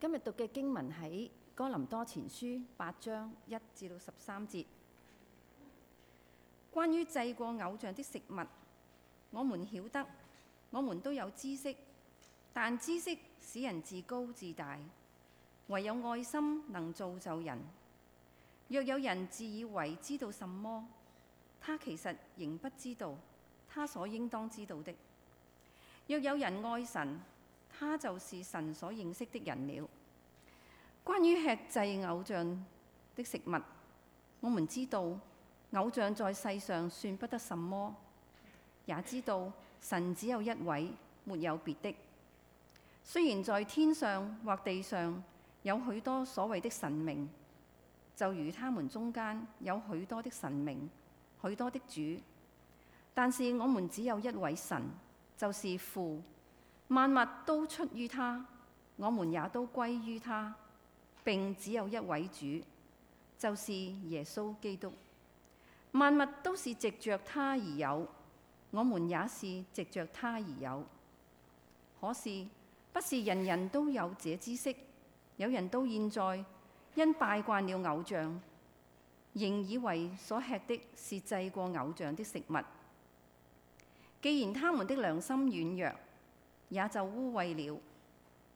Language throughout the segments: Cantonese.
今日讀嘅經文喺哥林多前書八章一至到十三節，關於祭過偶像的食物，我們曉得，我們都有知識，但知識使人自高自大，唯有愛心能造就人。若有人自以為知道什麼，他其實仍不知道他所應當知道的。若有人愛神，他就是神所認識的人了。關於吃祭偶像的食物，我們知道偶像在世上算不得什麼，也知道神只有一位，沒有別的。雖然在天上或地上有許多所謂的神明，就如他們中間有許多的神明、許多的主，但是我們只有一位神，就是父。萬物都出於他，我們也都歸於他，並只有一位主，就是耶穌基督。萬物都是藉著他而有，我們也是藉著他而有。可是不是人人都有這知識，有人到現在因拜慣了偶像，仍以為所吃的是祭過偶像的食物。既然他們的良心軟弱，也就污穢了。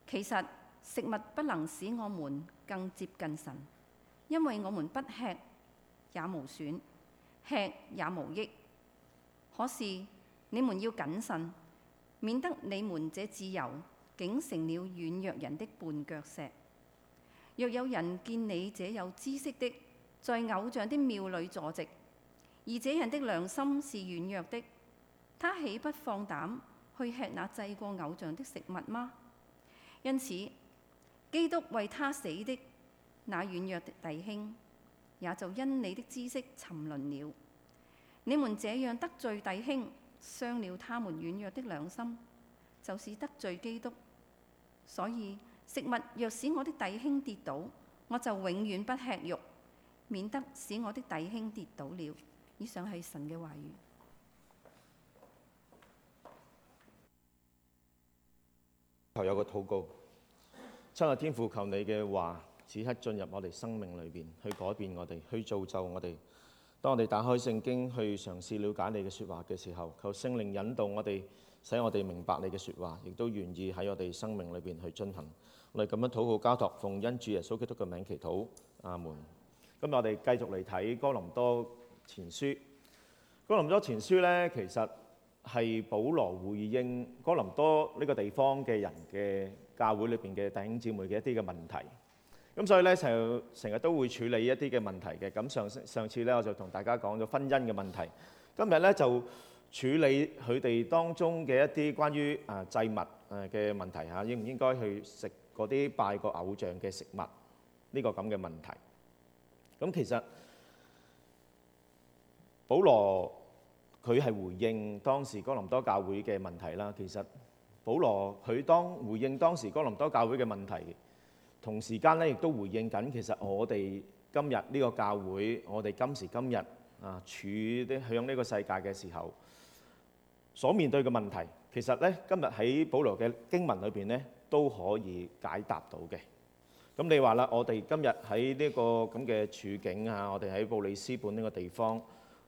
其實食物不能使我們更接近神，因為我們不吃也無損，吃也無益。可是你們要謹慎，免得你們這自由竟成了軟弱人的絆腳石。若有人見你這有知識的在偶像的廟裏坐席，而這人的良心是軟弱的，他豈不放膽？去吃那祭過偶像的食物嗎？因此，基督為他死的那軟弱的弟兄，也就因你的知識沉淪了。你們這樣得罪弟兄，傷了他們軟弱的良心，就是得罪基督。所以，食物若使我的弟兄跌倒，我就永遠不吃肉，免得使我的弟兄跌倒了。以上係神嘅話語。求有個禱告，親愛天父，求你嘅話此刻進入我哋生命裏邊，去改變我哋，去造就我哋。當我哋打開聖經去嘗試了解你嘅說話嘅時候，求聖靈引導我哋，使我哋明白你嘅說話，亦都願意喺我哋生命裏邊去進行。我哋咁樣禱告交託，奉恩主耶穌基督嘅名祈禱，阿門。今日我哋繼續嚟睇《哥林多前書》。《哥林多前書》咧，其實。係保羅回應哥林多呢個地方嘅人嘅教會裏邊嘅弟兄姊妹嘅一啲嘅問題，咁所以咧成日成日都會處理一啲嘅問題嘅。咁上上次咧我就同大家講咗婚姻嘅問題，今日咧就處理佢哋當中嘅一啲關於啊、呃、祭物誒嘅問題嚇，應唔應該去食嗰啲拜過偶像嘅食物呢個咁嘅問題。咁、啊這個、其實保羅。佢係回應當時哥林多教會嘅問題啦。其實保羅佢當回應當時哥林多教會嘅問題，同時間咧亦都回應緊其實我哋今日呢個教會，我哋今時今日啊處啲向呢個世界嘅時候，所面對嘅問題，其實咧今日喺保羅嘅經文裏邊咧都可以解答到嘅。咁你話啦，我哋今日喺呢個咁嘅處境啊，我哋喺布里斯本呢個地方。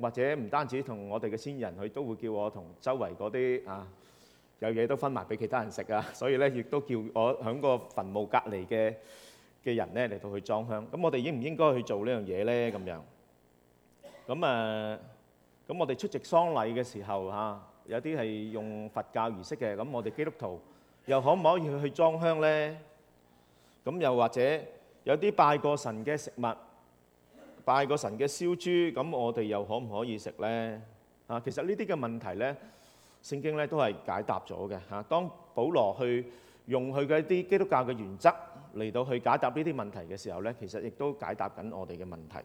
或者唔單止同我哋嘅先人，佢都會叫我同周圍嗰啲啊有嘢都分埋俾其他人食啊，所以咧亦都叫我響個墳墓隔離嘅嘅人咧嚟到去裝香。咁我哋應唔應該去做呢樣嘢咧？咁樣咁啊？咁我哋出席喪禮嘅時候嚇，有啲係用佛教儀式嘅，咁我哋基督徒又可唔可以去裝香咧？咁又或者有啲拜過神嘅食物，拜個神嘅燒豬，咁我哋又可唔可以食呢？啊，其實呢啲嘅問題呢，聖經呢都係解答咗嘅嚇。當保羅去用佢嘅一啲基督教嘅原則嚟到去解答呢啲問題嘅時候呢，其實亦都解答緊我哋嘅問題。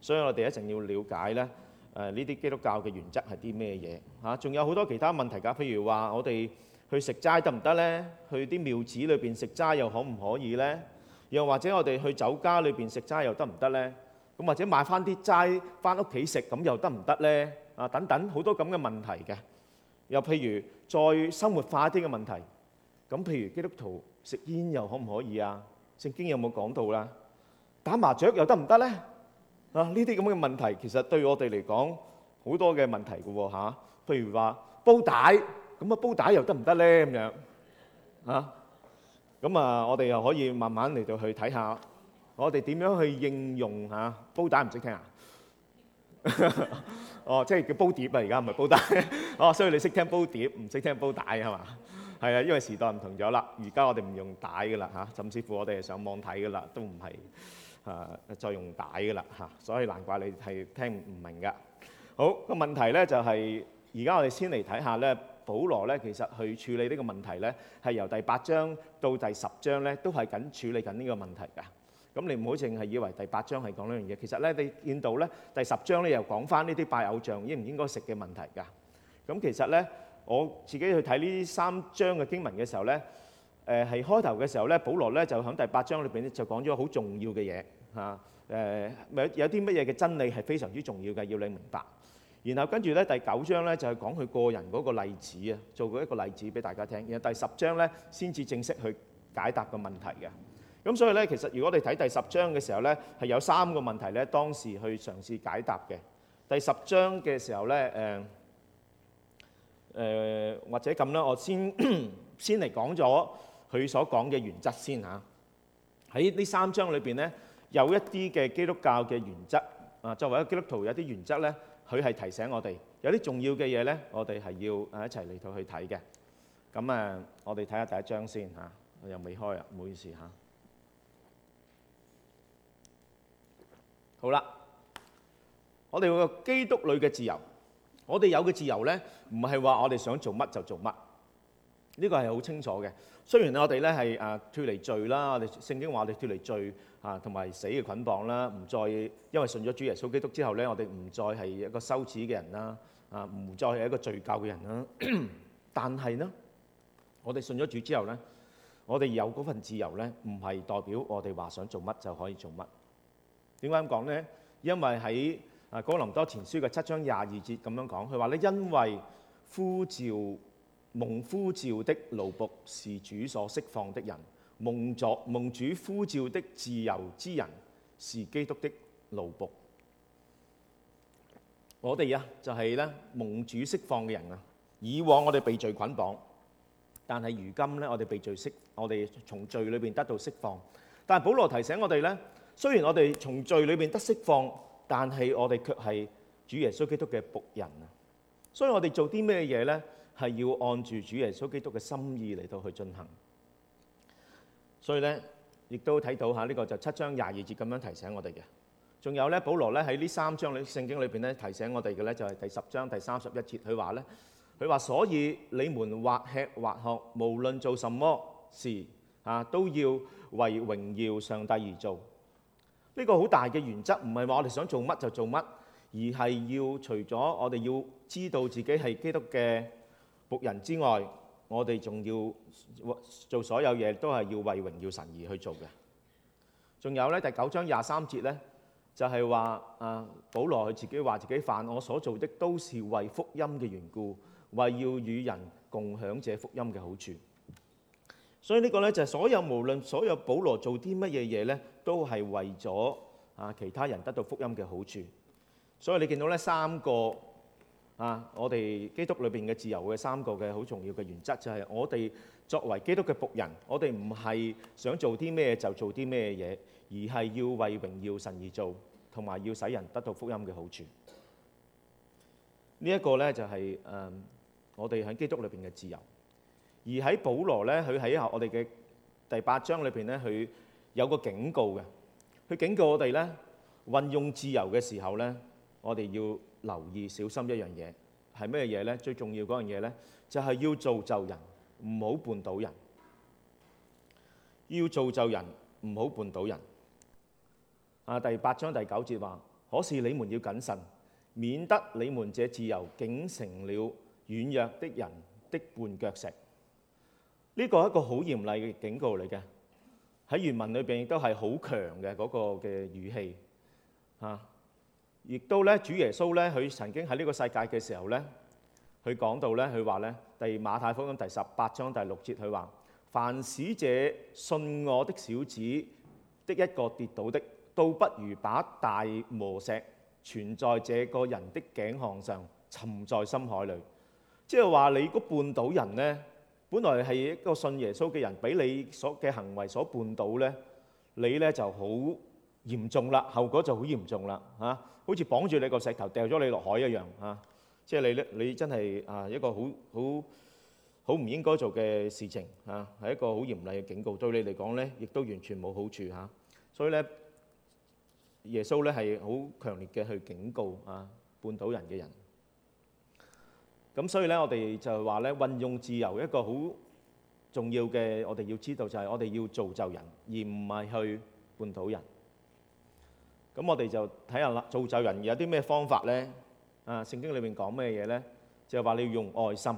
所以我哋一定要了解咧誒呢啲基督教嘅原則係啲咩嘢嚇？啊，仲有好多其他問題㗎，譬如話我哋去食齋得唔得呢？去啲廟子裏邊食齋又可唔可以呢？又或者我哋去酒家裏邊食齋又得唔得呢？咁或者買翻啲齋翻屋企食，咁又得唔得咧？啊，等等好多咁嘅問題嘅。又譬如再生活化一啲嘅問題，咁譬如基督徒食煙又可唔可以啊？聖經有冇講到啦？打麻雀又得唔得咧？啊，呢啲咁嘅問題其實對我哋嚟講好多嘅問題嘅喎嚇。譬如話煲帶，咁啊煲帶又得唔得咧？咁樣啊，咁啊我哋又可以慢慢嚟到去睇下。我哋點樣去應用嚇，煲帶唔識聽啊？哦，即係叫煲碟啊！而家唔係煲帶哦，所以你識聽煲碟，唔識聽煲帶係嘛？係啊，因為時代唔同咗啦。而家我哋唔用帶㗎啦嚇，甚至乎我哋係上網睇㗎啦，都唔係啊再用帶㗎啦嚇，所以難怪你係聽唔明㗎。好，個問題咧，就係而家我哋先嚟睇下咧，保羅咧其實去處理呢個問題咧，係由第八章到第十章咧都係緊處理緊呢個問題㗎。咁你唔好淨係以為第八章係講呢樣嘢，其實咧你見到咧第十章咧又講翻呢啲拜偶像應唔應該食嘅問題㗎。咁其實咧我自己去睇呢三章嘅經文嘅時候咧，誒係開頭嘅時候咧，保羅咧就喺第八章裏邊咧就講咗好重要嘅嘢嚇，誒有有啲乜嘢嘅真理係非常之重要嘅，要你明白。然後跟住咧第九章咧就係講佢個人嗰個例子啊，做過一個例子俾大家聽。然後第十章咧先至正式去解答個問題嘅。咁所以咧，其實如果你睇第十章嘅時候咧，係有三個問題咧，當時去嘗試解答嘅。第十章嘅時候咧，誒、呃、誒、呃、或者咁啦，我先 先嚟講咗佢所講嘅原則先嚇。喺呢三章裏邊咧，有一啲嘅基督教嘅原則啊，作為一個基督徒有啲原則咧，佢係提醒我哋有啲重要嘅嘢咧，我哋係要啊一齊嚟到去睇嘅。咁啊，我哋睇下第一章先嚇，我又未開啊，唔好意思嚇。啊好啦，我哋個基督裏嘅自由，我哋有嘅自由咧，唔係話我哋想做乜就做乜。呢、呢個係好清楚嘅。雖然我哋咧係啊脫離罪啦，聖我哋聖經話我哋脫離罪啊，同埋死嘅捆綁啦，唔再因為信咗主耶穌基督之後咧，我哋唔再係一個羞恥嘅人啦，啊唔再係一個罪疚嘅人啦。但係呢，我哋信咗主之後咧，我哋有嗰份自由咧，唔係代表我哋話想做乜就可以做乜。點解咁講呢？因為喺《啊哥林多前書》嘅七章廿二節咁樣講，佢話咧：因為呼召蒙呼召的奴僕是主所釋放的人，蒙作蒙主呼召的自由之人是基督的奴僕。我哋呀、啊，就係、是、咧蒙主釋放嘅人啊！以往我哋被罪捆綁，但係如今咧，我哋被罪釋，我哋從罪裏邊得到釋放。但係保羅提醒我哋咧。雖然我哋從罪裏面得釋放，但係我哋卻係主耶穌基督嘅僕人啊。所以我哋做啲咩嘢呢？係要按住主耶穌基督嘅心意嚟到去進行。所以呢，亦都睇到嚇呢個就七章廿二節咁樣提醒我哋嘅。仲有呢，保羅呢喺呢三章裏聖經裏邊提醒我哋嘅呢，就係第十章第三十一節，佢話呢，佢話：所以你們或吃或喝，無論做什麼事啊，都要為榮耀上帝而做。呢個好大嘅原則，唔係話我哋想做乜就做乜，而係要除咗我哋要知道自己係基督嘅僕人之外，我哋仲要做所有嘢都係要為榮耀神而去做嘅。仲有咧，第九章廿三節咧，就係話啊，保羅佢自己話自己犯，我所做的都是為福音嘅緣故，為要與人共享這福音嘅好處。所以個呢個咧就係所有無論所有保羅做啲乜嘢嘢咧。都係為咗啊其他人得到福音嘅好處，所以你見到呢三個啊，我哋基督裏邊嘅自由嘅三個嘅好重要嘅原則，就係、是、我哋作為基督嘅僕人，我哋唔係想做啲咩就做啲咩嘢，而係要為榮耀神而做，同埋要使人得到福音嘅好處。呢、這、一個呢，就係、是、誒、嗯、我哋喺基督裏邊嘅自由，而喺保羅呢，佢喺我哋嘅第八章裏邊呢。佢。有個警告嘅，佢警告我哋咧，運用自由嘅時候咧，我哋要留意小心一樣嘢，係咩嘢咧？最重要嗰樣嘢咧，就係要造就人，唔好絆倒人。要造就人，唔好絆倒人。啊，第八章第九節話：可是你們要謹慎，免得你們這自由竟成了軟弱的人的絆腳石。呢個係一個好嚴厲嘅警告嚟嘅。喺原文裏邊亦都係好強嘅嗰個嘅語氣，嚇，亦都咧主耶穌咧佢曾經喺呢個世界嘅時候咧，佢講到咧佢話咧，第馬太福音第十八章第六節佢話：凡使者信我的小子的一個跌倒的，倒不如把大磨石存在這個人的頸項上，沉在深海裏。即係話你嗰半島人呢，本來係一個信耶穌嘅人，俾你所嘅行為所絆倒咧，你咧就好嚴重啦，後果就好嚴重啦，嚇，好似綁住你個石頭，掉咗你落海一樣啊！即係你咧，你真係啊一個好好好唔應該做嘅事情啊，係一個好嚴厲嘅警告，對你嚟講咧，亦都完全冇好處嚇。所以咧，耶穌咧係好強烈嘅去警告啊絆倒人嘅人。咁所以咧，我哋就係話咧，運用自由一個好重要嘅，我哋要知道就係我哋要造就人，而唔係去絆倒人。咁我哋就睇下啦，造就人有啲咩方法咧？啊，聖經裏面講咩嘢咧？就係話你要用愛心。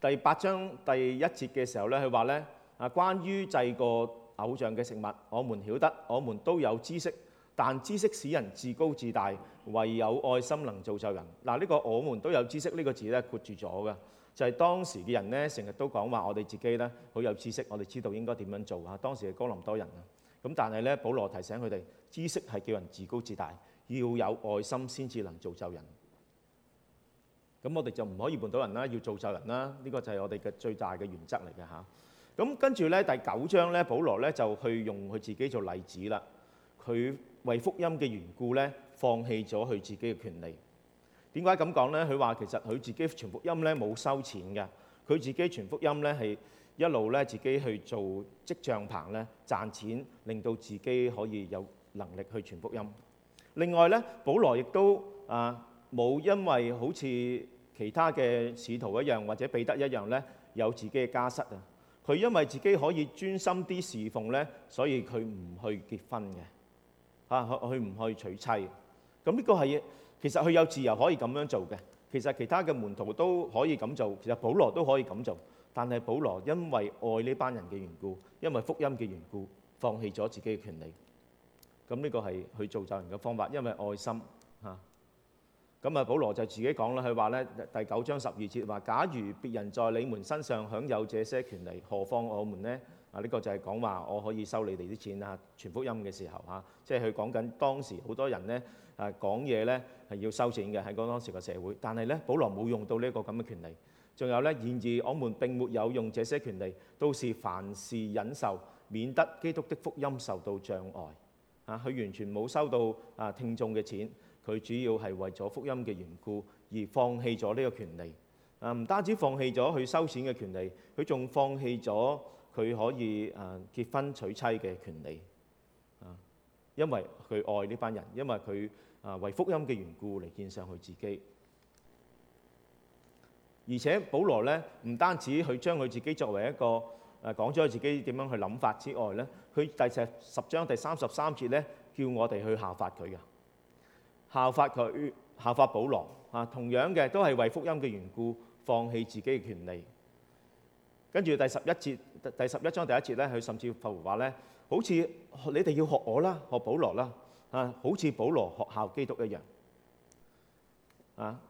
第八章第一節嘅時候咧，佢話咧啊，關於祭過偶像嘅食物，我們曉得，我們都有知識，但知識使人自高自大。唯有愛心能造就人嗱。呢個我們都有知識，呢個字咧括住咗嘅，就係當時嘅人咧，成日都講話我哋自己咧好有知識，我哋知道應該點樣做啊。當時嘅哥林多人啊，咁但係咧，保羅提醒佢哋知識係叫人自高自大，要有愛心先至能造就人。咁我哋就唔可以判到人啦，要造就人啦。呢個就係我哋嘅最大嘅原則嚟嘅嚇。咁跟住咧第九章咧，保羅咧就去用佢自己做例子啦。佢為福音嘅緣故咧。放棄咗佢自己嘅權利。點解咁講呢？佢話其實佢自己傳福音呢冇收錢嘅。佢自己傳福音呢係一路呢自己去做織帳棚呢，賺錢，令到自己可以有能力去傳福音。另外呢，保羅亦都啊冇因為好似其他嘅使徒一樣或者彼得一樣呢有自己嘅家室啊。佢因為自己可以專心啲侍奉呢，所以佢唔去結婚嘅。嚇、啊，佢唔去娶妻。咁呢個係，其實佢有自由可以咁樣做嘅。其實其他嘅門徒都可以咁做，其實保羅都可以咁做。但係保羅因為愛呢班人嘅緣故，因為福音嘅緣故，放棄咗自己嘅權利。咁呢個係佢造就人嘅方法，因為愛心嚇。咁啊，保羅就自己講啦，佢話咧第九章十二節話：假如別人在你們身上享有這些權利，何況我們呢？啊！呢個就係講話我可以收你哋啲錢啊，傳福音嘅時候嚇，即係佢講緊當時好多人咧啊講嘢咧係要收錢嘅，喺嗰當時個社會，但係咧保羅冇用到呢一個咁嘅權利。仲有咧，然而我們並沒有用這些權利，都是凡事忍受，免得基督的福音受到障礙。嚇，佢完全冇收到啊聽眾嘅錢，佢主要係為咗福音嘅緣故而放棄咗呢個權利。啊，唔單止放棄咗佢收錢嘅權利，佢仲放棄咗。佢可以誒結婚娶妻嘅權利，因為佢愛呢班人，因為佢誒為福音嘅緣故嚟見上佢自己。而且保羅呢，唔單止佢將佢自己作為一個誒講咗佢自己點樣去諗法之外呢，佢第十章第三十三節呢，叫我哋去效法佢嘅，效法佢，效法保羅啊，同樣嘅都係為福音嘅緣故放棄自己嘅權利。跟住第十一節，第十一章第一節咧，佢甚至乎話咧，好似你哋要學我啦，學保羅啦啊，好似保羅學校基督一樣啊。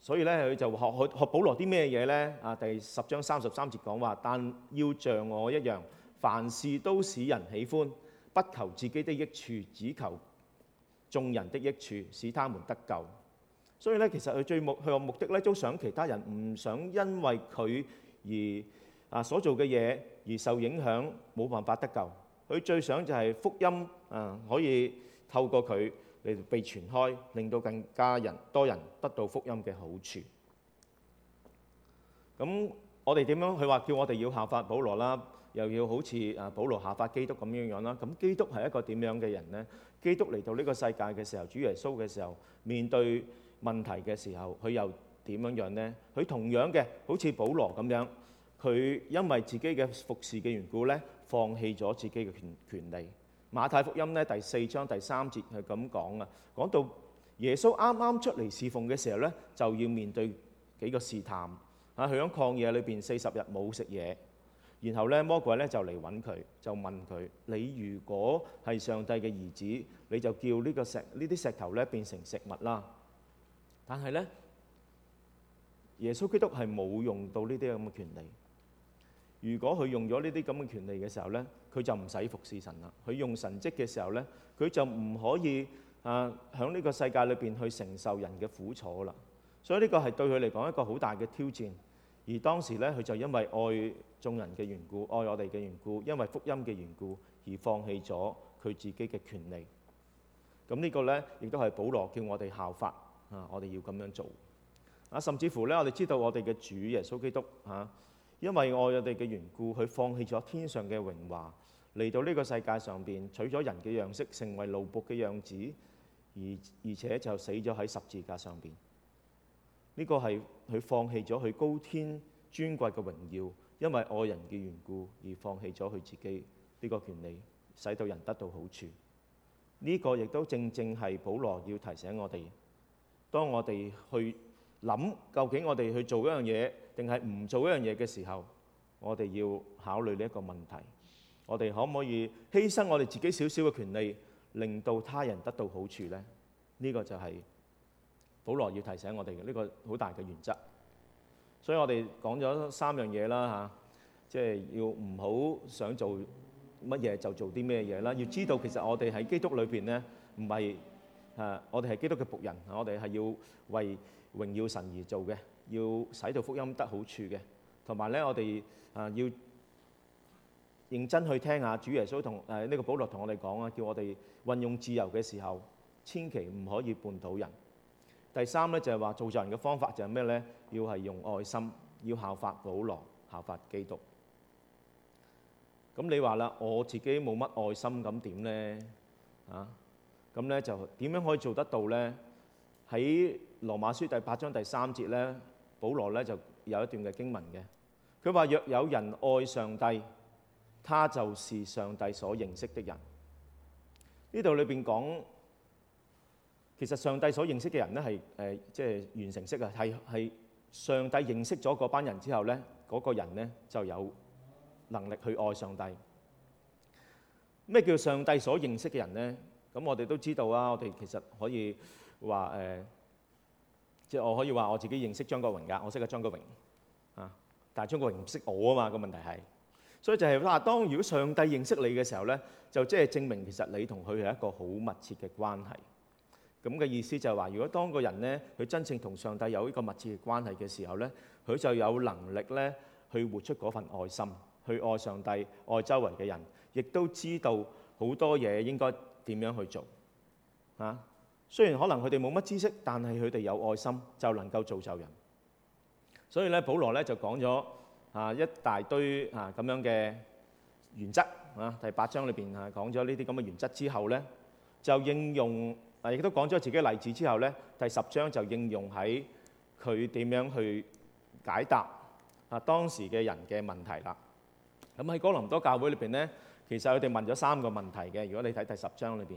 所以咧，佢就學學學保羅啲咩嘢咧？啊，第十章三十三節講話，但要像我一樣，凡事都使人喜歡，不求自己的益處，只求眾人的益處，使他們得救。所以咧，其實佢最目佢嘅目的咧，都想其他人唔想因為佢而。啊！所做嘅嘢而受影響，冇辦法得救。佢最想就係福音啊，可以透過佢嚟被傳開，令到更加人多人得到福音嘅好處。咁我哋點樣？佢話叫我哋要效法保羅啦，又要好似啊保羅效法基督咁樣樣啦。咁基督係一個點樣嘅人呢？基督嚟到呢個世界嘅時候，主耶穌嘅時候，面對問題嘅時候，佢又點樣樣呢？佢同樣嘅好似保羅咁樣。佢因為自己嘅服侍嘅緣故呢，放棄咗自己嘅權權利。馬太福音呢，第四章第三節係咁講啊，講到耶穌啱啱出嚟侍奉嘅時候呢，就要面對幾個試探啊！佢響曠野裏邊四十日冇食嘢，然後呢，魔鬼呢，就嚟揾佢，就問佢：你如果係上帝嘅兒子，你就叫呢個石呢啲石頭呢變成食物啦。」但係呢，耶穌基督係冇用到呢啲咁嘅權利。如果佢用咗呢啲咁嘅權利嘅時候咧，佢就唔使服侍神啦。佢用神職嘅時候咧，佢就唔可以啊，喺呢個世界裏邊去承受人嘅苦楚啦。所以呢個係對佢嚟講一個好大嘅挑戰。而當時咧，佢就因為愛眾人嘅緣故，愛我哋嘅緣故，因為福音嘅緣故，而放棄咗佢自己嘅權利。咁呢個咧，亦都係保羅叫我哋效法啊，我哋要咁樣做。啊，甚至乎咧，我哋知道我哋嘅主耶穌基督嚇。因為愛我哋嘅緣故，佢放棄咗天上嘅榮華，嚟到呢個世界上邊，取咗人嘅樣式，成為奴僕嘅樣子，而而且就死咗喺十字架上邊。呢個係佢放棄咗佢高天尊貴嘅榮耀，因為愛人嘅緣故而放棄咗佢自己呢個權利，使到人得到好處。呢個亦都正正係保羅要提醒我哋，當我哋去諗究竟我哋去做一樣嘢，定係唔做一樣嘢嘅時候，我哋要考慮呢一個問題。我哋可唔可以犧牲我哋自己少少嘅權利，令到他人得到好處咧？呢個就係保羅要提醒我哋嘅呢個好大嘅原則。所以我哋講咗三樣嘢啦嚇，即係要唔好想做乜嘢就做啲咩嘢啦。要知道其實我哋喺基督裏邊咧，唔係誒，我哋係基督嘅僕人，我哋係要為榮耀神而做嘅。要使到福音得好處嘅，同埋咧，我哋啊要認真去聽下主耶穌同，誒呢個保羅同我哋講啊，叫我哋運用自由嘅時候，千祈唔可以絆倒人。第三咧就係話做作人嘅方法就係咩咧？要係用愛心，要效法保羅，效法基督。咁你話啦，我自己冇乜愛心咁點咧？啊，咁咧就點樣可以做得到咧？喺羅馬書第八章第三節咧。保羅咧就有一段嘅經文嘅，佢話，若有人愛上帝，他就是上帝所認識的人。呢度裏邊講，其實上帝所認識嘅人咧係誒即係完成式啊，係係上帝認識咗嗰班人之後咧，嗰個人咧就有能力去愛上帝。咩叫上帝所認識嘅人咧？咁我哋都知道啊，我哋其實可以話誒。即係我可以話我自己認識張國榮㗎，我識啊張國榮啊，但係張國榮唔識我啊嘛，個問題係，所以就係啦。當如果上帝認識你嘅時候咧，就即係證明其實你同佢係一個好密切嘅關係。咁嘅意思就係話，如果當個人咧佢真正同上帝有一個密切嘅關係嘅時候咧，佢就有能力咧去活出嗰份愛心，去愛上帝、愛周圍嘅人，亦都知道好多嘢應該點樣去做啊。雖然可能佢哋冇乜知識，但係佢哋有愛心，就能夠造就人。所以咧，保羅咧就講咗啊一大堆啊咁樣嘅原則啊。第八章裏邊啊講咗呢啲咁嘅原則之後咧，就應用啊亦都講咗自己嘅例子之後咧，第十章就應用喺佢點樣去解答啊當時嘅人嘅問題啦。咁喺哥林多教會裏邊咧，其實佢哋問咗三個問題嘅。如果你睇第十章裏邊。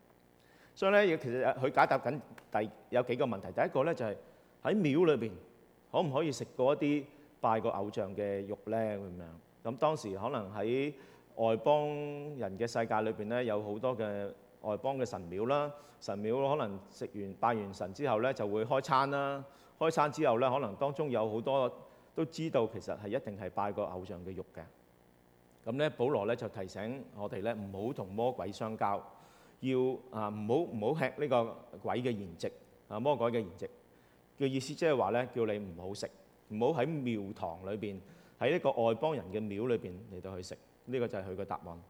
所以咧，亦其實佢解答緊第有幾個問題。第一個咧就係喺廟裏邊可唔可以食過一啲拜過偶像嘅肉呢？咁樣咁當時可能喺外邦人嘅世界裏邊咧，有好多嘅外邦嘅神廟啦。神廟可能食完拜完神之後咧，就會開餐啦。開餐之後咧，可能當中有好多都知道其實係一定係拜過偶像嘅肉嘅。咁咧，保羅咧就提醒我哋咧，唔好同魔鬼相交。要啊，唔好唔好吃呢個鬼嘅筵席啊，魔鬼嘅筵席嘅意思即係話咧，叫你唔好食，唔好喺廟堂裏邊，喺呢個外邦人嘅廟裏邊嚟到去食。呢個就係佢個答案。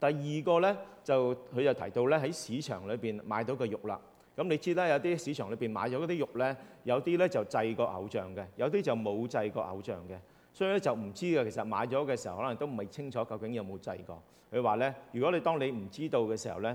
第二個呢，就佢就提到咧，喺市場裏邊買到個肉啦。咁你知啦，有啲市場裏邊買咗嗰啲肉呢，有啲呢就祭過偶像嘅，有啲就冇祭過偶像嘅，所以咧就唔知嘅。其實買咗嘅時候可能都唔係清楚究竟有冇祭過。佢話呢，如果你當你唔知道嘅時候呢。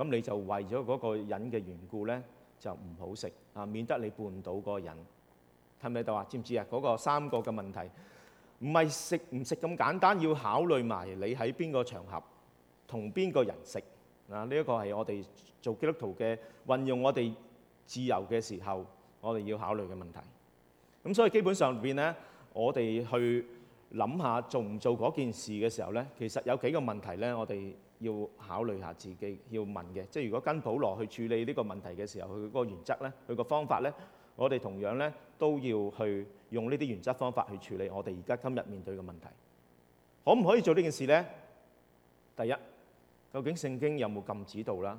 咁你就為咗嗰個人嘅緣故咧，就唔好食啊，免得你絆到嗰個人。聽唔聽到啊？知唔知啊？嗰、嗰個三個嘅問題，唔係食唔食咁簡單，要考慮埋你喺邊個場合同邊個人食啊？呢一個係我哋做基督徒嘅運用我哋自由嘅時候，我哋要考慮嘅問題。咁所以基本上邊咧，我哋去諗下做唔做嗰件事嘅時候咧，其實有幾個問題咧，我哋。要考慮下自己要問嘅，即係如果跟保羅去處理呢個問題嘅時候，佢嗰個原則呢，佢個方法呢，我哋同樣呢都要去用呢啲原則方法去處理我哋而家今日面對嘅問題。可唔可以做呢件事呢？第一，究竟聖經有冇禁止到啦？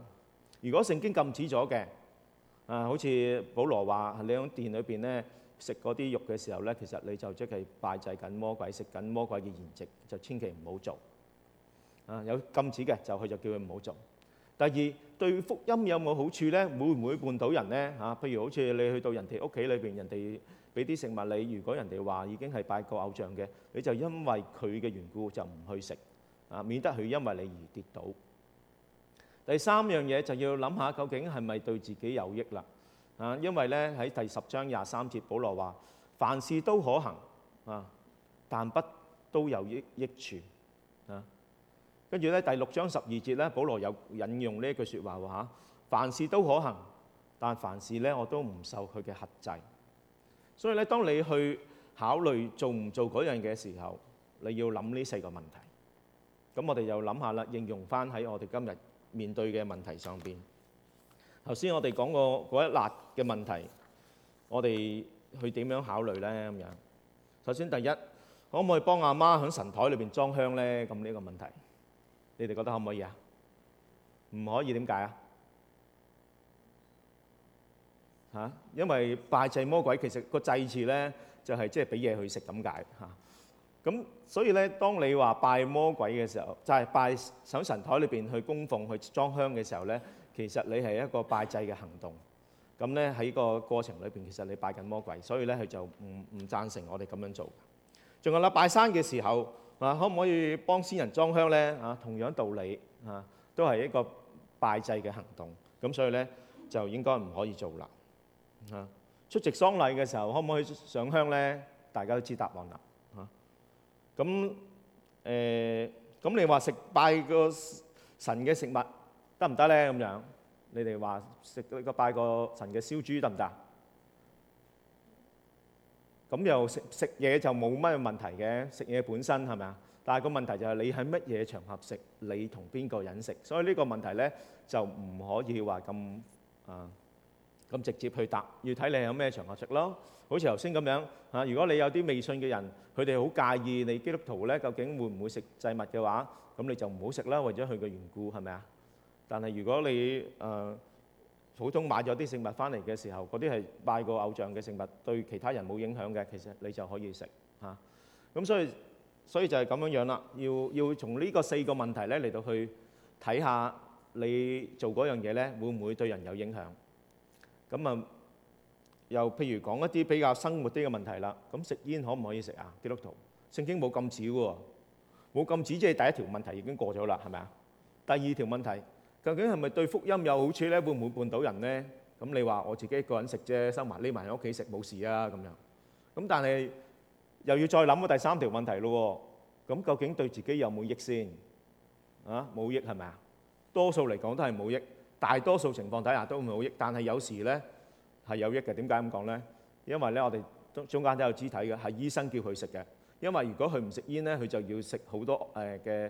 如果聖經禁止咗嘅，啊，好似保羅話，你喺殿裏邊呢食嗰啲肉嘅時候呢，其實你就即係拜祭緊魔鬼，食緊魔鬼嘅筵席，就千祈唔好做。啊，有禁止嘅就佢就叫佢唔好做。第二，對福音有冇好處呢？會唔會絆倒人呢？嚇，譬如好似你去到人哋屋企裏邊，人哋俾啲食物你，如果人哋話已經係拜過偶像嘅，你就因為佢嘅緣故就唔去食，啊，免得佢因為你而跌倒。第三樣嘢就要諗下，究竟係咪對自己有益啦？啊，因為呢喺第十章廿三節，保羅話凡事都可行，啊，但不都有益益處。跟住咧，第六章十二節咧，保羅有引用呢一句説話話，凡事都可行，但凡事咧我都唔受佢嘅限制。所以咧，當你去考慮做唔做嗰樣嘢嘅時候，你要諗呢四個問題。咁我哋又諗下啦，應用翻喺我哋今日面對嘅問題上邊。頭先我哋講過嗰一辣嘅問題，我哋去點樣考慮咧？咁樣首先第一，可唔可以幫阿媽喺神台裏邊裝香咧？咁呢一個問題。你哋覺得可唔可以啊？唔可以點解啊？嚇！因為拜祭魔鬼其實個祭祀咧，就係即係俾嘢去食咁解嚇。咁所以咧，當你話拜魔鬼嘅時候，就係拜守神台裏邊去供奉、去裝香嘅時候咧，其實你係一個拜祭嘅行動。咁咧喺個過程裏邊，其實你拜緊魔鬼，所以咧佢就唔唔贊成我哋咁樣做。仲有啦，拜山嘅時候。啊，可唔可以幫先人裝香呢？啊，同樣道理，啊，都係一個拜祭嘅行動。咁所以呢，就應該唔可以做啦。啊，出席喪禮嘅時候，可唔可以上香呢？大家都知答案啦。啊，咁誒，咁你話食拜個神嘅食物得唔得呢？咁樣，你哋話食個拜個神嘅燒豬得唔得？咁又食食嘢就冇乜問題嘅，食嘢本身係咪啊？但係個問題就係你喺乜嘢場合食，你同邊個人食，所以呢個問題呢，就唔可以話咁啊咁直接去答，要睇你有咩場合食咯。好似頭先咁樣吓，啊，如果你有啲未信嘅人，佢哋好介意你基督徒呢究竟會唔會食祭物嘅話，咁你就唔好食啦，為咗佢嘅緣故係咪啊？但係如果你啊，呃普通買咗啲食物翻嚟嘅時候，嗰啲係拜過偶像嘅食物，對其他人冇影響嘅，其實你就可以食吓。咁、啊、所以所以就係咁樣樣啦。要要從呢個四個問題咧嚟到去睇下你做嗰樣嘢咧，會唔會對人有影響？咁啊，又譬如講一啲比較生活啲嘅問題啦。咁食煙可唔可以食啊？基督徒，聖經冇禁止喎，冇禁止即係第一條問題已經過咗啦，係咪啊？第二條問題。究竟係咪對福音有好處咧？會唔會絆倒人咧？咁你話我自己一個人食啫，收埋匿埋喺屋企食冇事啊咁樣。咁但係又要再諗個第三條問題咯。咁究竟對自己有冇益先？啊，冇益係咪啊？多數嚟講都係冇益，大多數情況底下都冇益。但係有時咧係有益嘅。點解咁講咧？因為咧我哋中間都有肢體嘅，係醫生叫佢食嘅。因為如果佢唔食煙咧，佢就要食好多誒嘅。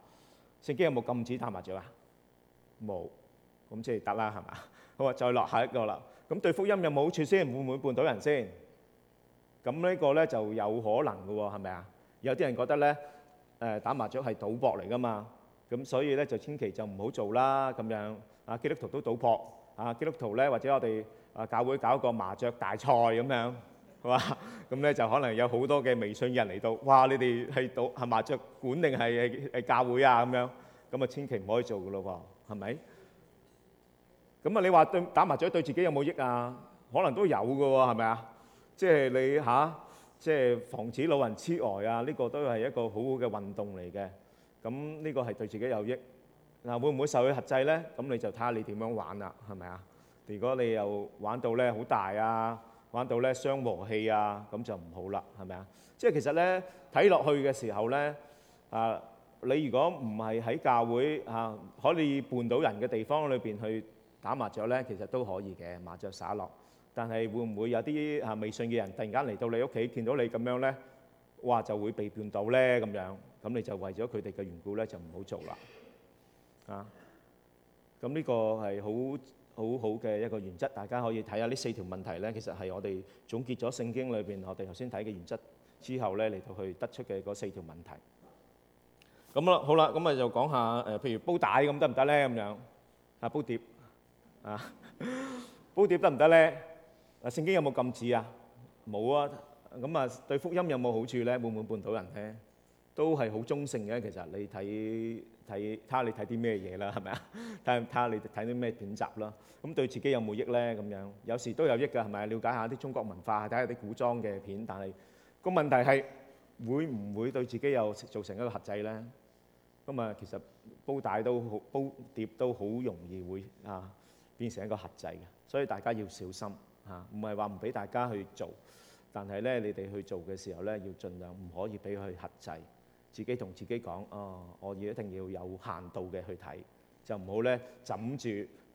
聖經有冇禁止打麻雀啊？冇，咁即係得啦，係嘛？好啊，再落下一個啦。咁對福音有冇好處先？會唔會絆倒人先？咁呢個咧就有可能噶，係咪啊？有啲人覺得咧，誒，打麻雀係賭博嚟噶嘛，咁所以咧就千祈就唔好做啦，咁樣。啊，基督徒都賭博，啊，基督徒咧或者我哋啊教會搞個麻雀大賽咁樣。係嘛？咁咧就可能有好多嘅微信人嚟到，哇！你哋係度係麻雀館定係係係教會啊，咁樣，咁啊千祈唔可以做噶咯喎，係咪？咁啊你話對打麻雀對自己有冇益啊？可能都有噶喎，係咪啊？即係你吓，即係防止老人痴呆啊，呢個都係一個好好嘅運動嚟嘅。咁呢個係對自己有益。嗱，會唔會受佢限制咧？咁你就睇下你點樣玩啦，係咪啊？如果你又玩到咧好大啊！玩到咧傷和氣啊，咁就唔好啦，係咪啊？即係其實咧睇落去嘅時候咧，啊，你如果唔係喺教會啊可以絆倒人嘅地方裏邊去打麻雀咧，其實都可以嘅麻雀耍落。但係會唔會有啲啊未信嘅人突然間嚟到你屋企見到你咁樣咧，哇就會被絆倒咧咁樣，咁你就為咗佢哋嘅緣故咧就唔好做啦，啊？咁呢個係好。好好嘅一個原則，大家可以睇下呢四條問題咧。其實係我哋總結咗聖經裏邊我哋頭先睇嘅原則之後咧，嚟到去得出嘅嗰四條問題。咁咯，好啦，咁啊就講下誒，譬如煲帶咁得唔得咧？咁樣啊，煲碟啊，煲碟得唔得咧？啊，聖經有冇禁止啊？冇啊。咁啊，對福音有冇好處咧？會唔會絆倒人咧？都係好中性嘅。其實你睇。睇睇下你睇啲咩嘢啦，係咪啊？睇睇下你睇啲咩片集啦。咁對自己有冇益咧？咁樣有時都有益㗎，係咪啊？瞭解下啲中國文化，睇下啲古裝嘅片。但係個問題係會唔會對自己又造成一個轄制咧？咁啊，其實煲帶都好，煲碟都好容易會啊變成一個轄制嘅，所以大家要小心吓。唔係話唔俾大家去做，但係咧你哋去做嘅時候咧，要盡量唔可以俾佢去轄制。自己同自己講：啊，我要一定要有限度嘅去睇，就唔好咧枕住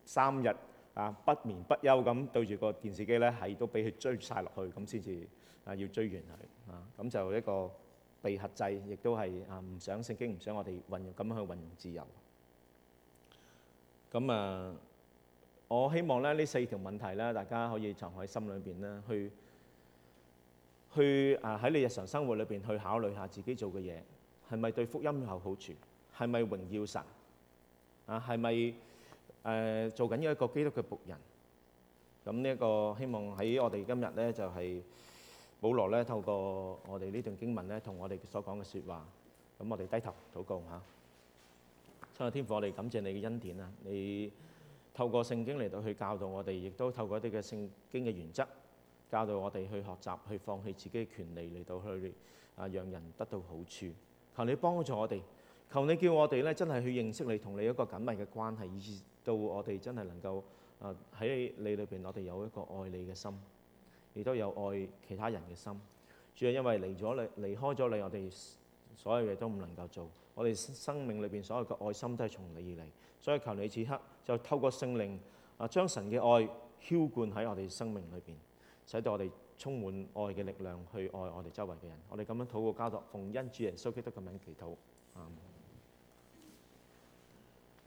三日啊不眠不休咁對住個電視機咧，係都俾佢追曬落去，咁先至啊要追完佢啊。咁就一個被限制，亦都係啊唔想聖經唔想我哋運用咁樣去運用自由。咁啊，我希望咧呢四條問題咧，大家可以藏喺心裏邊咧，去去啊喺你日常生活裏邊去考慮下自己做嘅嘢。係咪對福音有好處？係咪榮耀神啊？係咪誒做緊一個基督嘅僕人？咁呢一個希望喺我哋今日咧，就係保羅咧，透過我哋呢段經文咧，同我哋所講嘅説話。咁我哋低頭禱告嚇，親愛天父，我哋感謝你嘅恩典啊！你透過聖經嚟到去教導我哋，亦都透過一啲嘅聖經嘅原則教導我哋去學習去放棄自己嘅權利嚟到去啊，讓人得到好處。求你幫助我哋，求你叫我哋咧，真係去認識你，同你一個緊密嘅關係，以致到我哋真係能夠誒喺你裏邊，我哋有一個愛你嘅心，亦都有愛其他人嘅心。主要因為離咗你，離開咗你，我哋所有嘢都唔能夠做。我哋生命裏邊所有嘅愛心都係從你而嚟，所以求你此刻就透過聖靈啊，將神嘅愛澆灌喺我哋生命裏邊，使到我哋。充滿愛嘅力量去愛我哋周圍嘅人，我哋咁樣禱告交託，奉恩主耶穌基督咁樣祈禱。啊 Um.